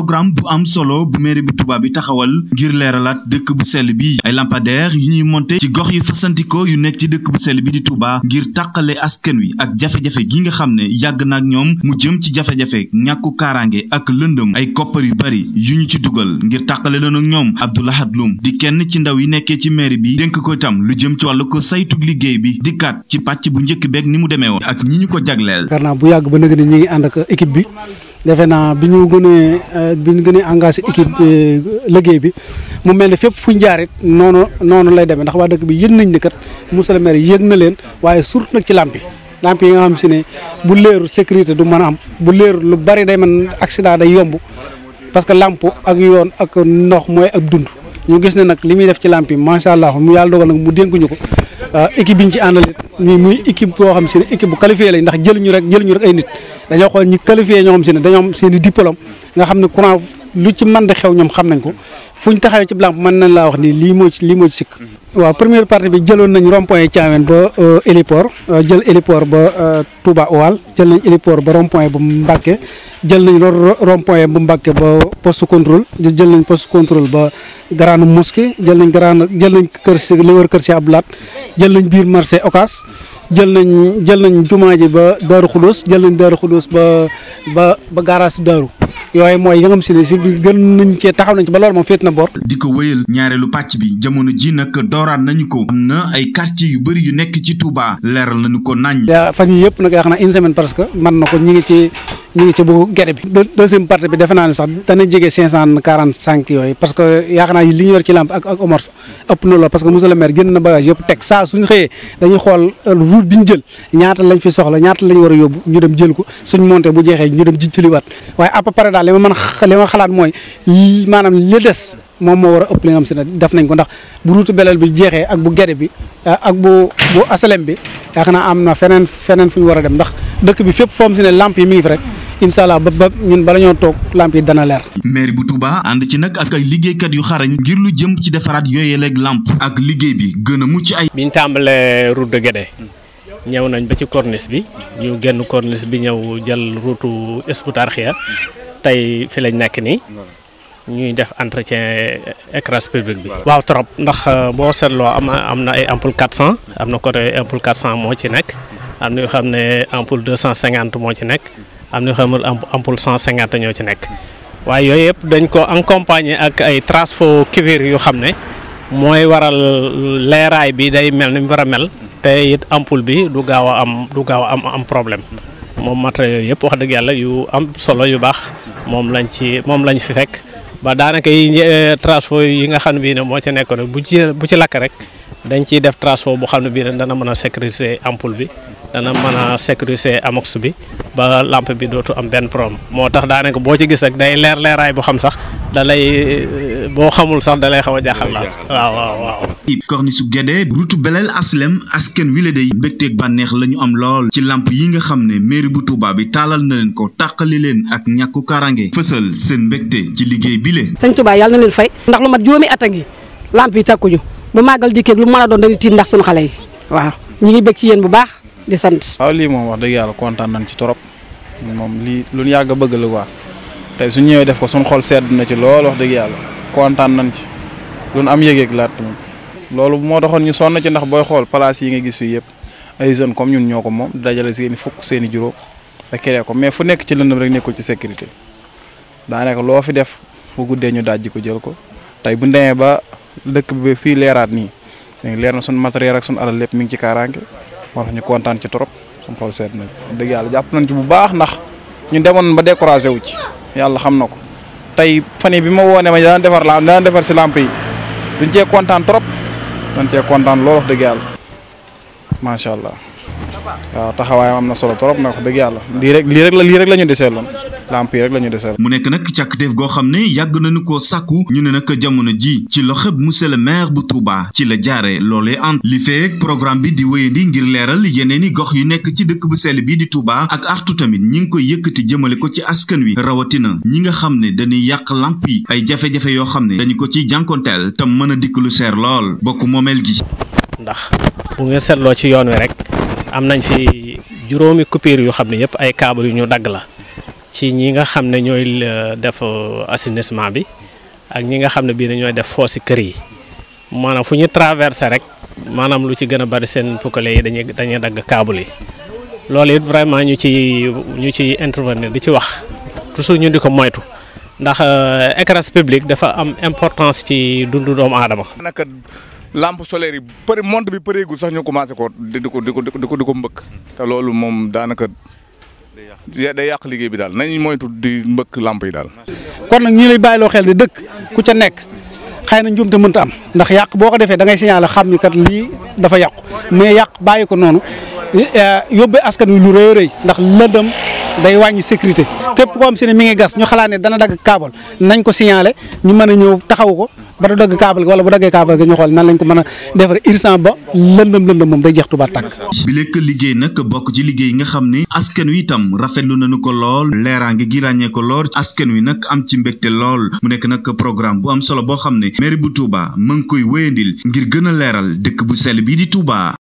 programme bu am solo bu mairie bu tubaab bi taxawal ngir leeralaat dëkk bu sell bi ay lampadaire yi ñuy monte ci gox yi fasantikoo yu nekk ci dëkk bu sell bi di Touba ngir tàqale askan wi ak jafe-jafe nga xam ne yàgg na ak ñoom mu jëm ci jafe ñàkku kaaraange ak lëndëm ay koppar yu bari yu ñu ci dugal ngir tàqale loon ak ñoom Abdou Lahad di kenn ci ndaw yi nekkee ci mairie bi dénk ko itam lu jëm ci wàllu ko saytug liggéey bi dikkaat ci pàcc bu njëkk beeg ni mu demee ak ñi ñu ko jagleel. karnaa bu yàgg ba nëgg ñi ngi ànd ak équipe bi defe naa bi ñu gënee euh, bi ñu gënee engagé euh, liggéey bi mu mel ne fépp fu ñu jaarit noonu noonu lay demee ndax waa dëkk bi yëg nañ ni kat monsieur le maire yëg na leen waaye surtout nag ci làmpi yi làmp nga xam si ne bu leerul sécurité du mën a am bu leerul lu bari day mën accident day yomb parce que làmp ak yoon ak ndox mooy ak dund ñu gis ne nag li muy def ci làmp yi macha allah mu yàlla dogal nag mu dénkuñu ko euh, équipe bi ci àndal it muy équipe boo xam si ne équipe bu qualifié lañ ndax jëluñu rek jëluñu rek ay nit dañoo xool ñu qualifié ñoo xam si ne dañoo am seen i nga xam ne courant lu ci mën di xew ñoom xam nañ ko fu ñu taxawee ci blanc man nañ laa wax ni lii moo ci lii moo ci sikk. waaw première partie bi jëloon nañ rond-point Thiamène ba euh, héliport euh, jël héliport ba euh, Touba Oual jël nañ héliport ba rond-point bu jël nañ rond-point bu Mbacké ba poste contrôle jël nañ poste contrôle ba grande mosquée jël nañ grande jël nañ kër si li wër kër si Abdou Lahad jël nañ biir marché ocas jël nañ jël nañ jumaa ji ba Daaru Xudóos jël nañ Daaru Xudóos ba ba ba garage Daaru yooyu mooy yi nga xam si ne gën nañ cee taxaw nañ ci ba loolu moom féet na bor. di ko wéyal ñaareelu pàcc bi jamono ji nag dooraat nañu ko. am na ay quartier yu bari yu nekk ci Touba. leeral nañu ko nañ. yaa fan yii yëpp nag yaa xam ne une semaine parce que man na ko ñu nga ci ñu ngi ci bu gerte bi. deuxième partie bi defe naa ne sax dana jege cinq cent quarante cinq yooyu parce que yaakaar naa li ñu yor ci lamp ak ak omors ëpp na lool parce que monsieur le maire génn na bagage yëpp teg saa suñu xëyee dañuy xool route euh, bi ñu jël ñaata lañ fi soxla ñaata lañ war a yóbbu ñu dem jël ko suñ monté bu jeexee ñu dem ji jëliwaat waaye à peu près daal li ma xalaat mooy maanaam li des moom moo war a ëpp li am si ne def nañ ko ndax bu route beleel bi jeexee ak bu gerte bi euh, ak bu bu asalem bi yaakaar naa am na feneen feneen fu ñu war a dem ndax dëkk bi fépp foom si ne lamp yi mi ngi fi rek incha allah ba ba ñun bala ñoo toog lamp yi dana leer. maire bu Touba ànd ci nag ak ay liggéeykat yu xarañ ngir lu jëm ci defaraat yooyee leeg làmp ak liggéey bi gën a mucc ay. biñ tàmbalee route de Guédé ñëw nañ ba ci corniche bi ñu génn corniche bi ñëw jël route Hizbut-Tarqiyyah tey fi lañ nekk nii. ñuy def entretien éclairage public bi. waaw trop ndax euh, boo seetloo am am na ay ampoule 400 am na côté ampoule 400 moo ci nekk am na yoo xam ne ampoule 250 moo ci nekk. am na xamul cent 150 ñoo ci nekk waaye yooyu yëpp dañ ko accompagner ak ay trasfo cuivre yu xam ne mooy waral leeraay bi day mel ni mu war a mel te it ampoule bi du gaaw a am du gaaw a am am problème moom matériel yooyu yëpp wax dëgg yàlla yu am solo yu baax moom lañ ci moom lañ fi fekk ba daanaka yi eh, trasfo yi nga xam ne bii ne moo ci nekkoon bu ci bu ci lakk rek dañ ciy def trasfo bu xam ne bii ne dana mën a sécuriser ampul bi dana mën a sécuriser amox bi ba lampe bi dootu am benn problème moo tax daanaka boo ci gis rek day leer leeraay bu xam sax da lay euh, boo xamul sax da lay xaw a jaaxal la waaw waaw waaw. corniche Guédé route Belel Aslem askan wi la day mbégteeg bànneex la ñu am lool ci lamp yi nga xam ne mairie bu tubaab yi taalal na leen ko tàqali leen ak ñàkku karange fësal seen mbégte ci liggéey bi leen. sëñ Touba yàlla na leen fay ndax lu mat juróomi at ngi lamp yi takkuñu bu màggal dikkee a doon ndax suñu xale yi waaw ñu ngi bég bu baax di sant. waaw lii moom wax dëgg yàlla kontaan nañ ci trop moom lii lu ñu yàgg bëgg la waa tey su ñëwee def ko suñu xol sedd na ci lool wax dëgg yàlla kontaan nañ ci lu am yëgeeg laat loolu moo taxoon ñu sonn ci ndax booy xool place yi nga gis fii yëpp ay jeunes comme ñun ñoo ko moom dajale seeni fukk seeni juróom te créé ko mais fu nekk ci lëndëm rek nekkul ci sécurité daanaka loo fi def bu guddee ñu dajji ko jël ko tey bu ñu ba dëkk bi fii leeraat nii leer na suñu matériel ak suñu alal lépp mi ngi ci kaaraange. moo tax ñu kontaan ci trop suñu xool seet na dëgg yàlla jàpp nañ ci bu baax ndax ñu demoon ba découragé wu ci yàlla xam na ko tey fan yi bi ma woone ma daan defar la daan defar si lamp yi duñ cee kontaan trop dañ cee kontaan lool dëgg yàlla macha allah waaw taxawaayam am na solo trop nag wax dëgg yàlla lii rek lii la lii rek lañu ñu desee loon lamp rek la ñu desal mu nekk nag càkkutéef goo xam ne yàgg nañu ko sàkku ñu ne nag jamono ji ci loxob monsieur le maire bu Touba ci la jaare loolee ant li feek programme bi di wéyandi ngir leeral yeneen i gox yu nekk ci dëkk bu seel bii di Touba ak artu tamit ñi ngi koy yëkkati jëmale ko ci askan wi rawatina ñi nga xam ne dañuy yàq lamp yi ay jafe-jafe yoo xam ne dañu ko ciy jànkonteel tam mën a dikk lu seer lool bokk moomeel gi ndax bu ngeen seetloo ci yoon wi rek am nañ fi juróomi coupure xam ne yëpp ay câble yu dagg la ci ñi nga xam ne ñooy euh, def euh, assainissement bi ak ñi nga xam ne bii ne def foos si kër yi maanaam fu ñu traversé rek maanaam lu ci gën a bari seen pukkale yi dañuy dagg kaabul yi loolu it vraiment ñu ci ñu ci intervenir di ci wax toujours ñu di ko moytu ndax euh, éclairage public dafa am importance ci dundu doomu aadama. naka lampe solaire yi pare monte bi pareegul sax ñu commencé ko di ko di ko di ko di ko mbëkk. te loolu moom daanaka. day yàq liggéey bi daal nañ moytu di mbëkk làmp yi daal. kon nag ñu bàyyi loo xel di dëkk ku ca nekk xëy na njuumte mënta am ndax yàq boo ko defee da ngay signaler xam ni kat lii dafa yàqu mais yàq bàyyi ko noonu eh, yóbbee askan wi lu rëy rëy ndax lëndëm day wàññi sécurité képp koo xam si ne mi ngi gas ñu xalaat ne dana dagg kaabal nañ ko signalé ñu mën a ñëw taxawu ko ba du dagg kaabal gi wala bu daggee kaabal gi ñu xool nan lañ ko mën a defaree irsan ba lëndëm lëndëm moom day jeex Touba tàkk. bi lekk liggéey nag bokk ci liggéey nga xam ni asken wi itam rafetlu nañu ko lool leeraange gi ràññee ko lool asken wi nag am ci mbégte lool mu nekk nag programme bu am solo boo xam ne mairie bu Touba mu koy wéyandil ngir gën a leeral dëkk bu sell bii di Touba